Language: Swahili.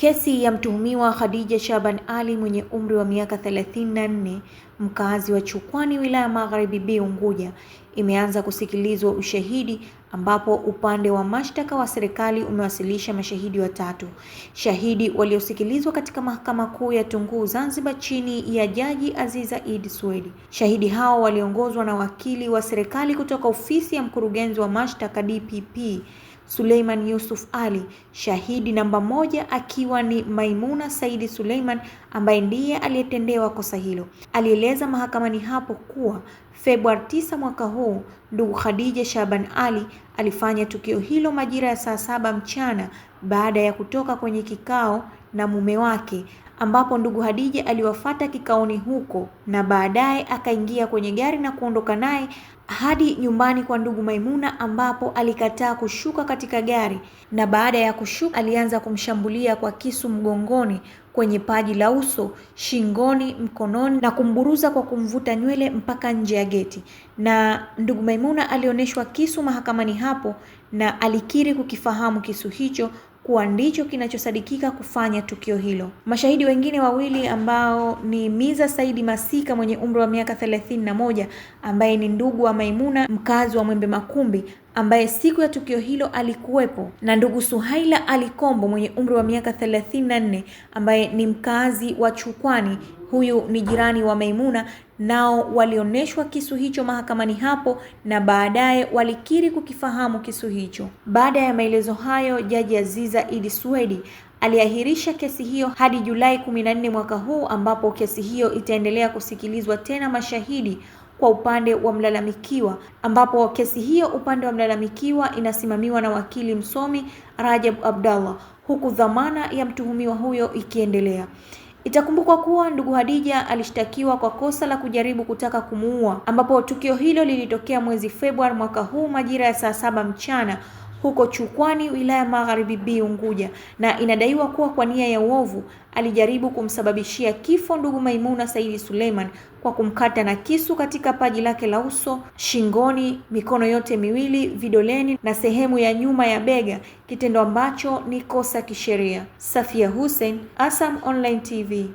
Kesi ya mtuhumiwa Khadija Shaban Ali mwenye umri wa miaka 34 mkazi wa Chukwani wilaya Magharibi B Unguja imeanza kusikilizwa ushahidi ambapo upande wa mashtaka wa serikali umewasilisha mashahidi watatu. Shahidi waliosikilizwa katika Mahakama Kuu ya Tunguu Zanzibar chini ya Jaji Aziza Eid Swedi. Shahidi hao waliongozwa na wakili wa serikali kutoka ofisi ya mkurugenzi wa mashtaka DPP Suleiman Yusuf Ali, shahidi namba moja akiwa ni Maimuna Saidi Suleiman ambaye ndiye aliyetendewa kosa hilo, alieleza mahakamani hapo kuwa Februari 9 mwaka huu, ndugu Khadija Shaban Ali alifanya tukio hilo majira ya saa saba mchana baada ya kutoka kwenye kikao na mume wake ambapo ndugu Hadija aliwafata kikaoni huko na baadaye akaingia kwenye gari na kuondoka naye hadi nyumbani kwa ndugu Maimuna ambapo alikataa kushuka katika gari na baada ya kushuka alianza kumshambulia kwa kisu mgongoni kwenye paji la uso, shingoni, mkononi na kumburuza kwa kumvuta nywele mpaka nje ya geti. Na ndugu Maimuna alioneshwa kisu mahakamani hapo na alikiri kukifahamu kisu hicho kuwa ndicho kinachosadikika kufanya tukio hilo. Mashahidi wengine wawili ambao ni Miza Saidi Masika mwenye umri wa miaka thelathini na moja ambaye ni ndugu wa Maimuna, mkazi wa Mwembe Makumbi, ambaye siku ya tukio hilo alikuwepo na ndugu Suhaila alikombo mwenye umri wa miaka 34 ambaye ni mkazi wa Chukwani. Huyu ni jirani wa Maimuna, nao walioneshwa kisu hicho mahakamani hapo na baadaye walikiri kukifahamu kisu hicho. Baada ya maelezo hayo, Jaji Aziza Idi swedi aliahirisha kesi hiyo hadi Julai 14 mwaka huu ambapo kesi hiyo itaendelea kusikilizwa tena mashahidi kwa upande wa mlalamikiwa, ambapo kesi hiyo upande wa mlalamikiwa inasimamiwa na wakili msomi Rajab Abdallah, huku dhamana ya mtuhumiwa huyo ikiendelea. Itakumbukwa kuwa ndugu Hadija alishtakiwa kwa kosa la kujaribu kutaka kumuua, ambapo tukio hilo lilitokea mwezi Februari mwaka huu majira ya saa saba mchana huko Chukwani, wilaya Magharibi B, Unguja, na inadaiwa kuwa kwa nia ya uovu alijaribu kumsababishia kifo ndugu Maimuna Saidi Suleiman kwa kumkata na kisu katika paji lake la uso, shingoni, mikono yote miwili, vidoleni na sehemu ya nyuma ya bega, kitendo ambacho ni kosa kisheria. Safia Hussein, Asam Online TV.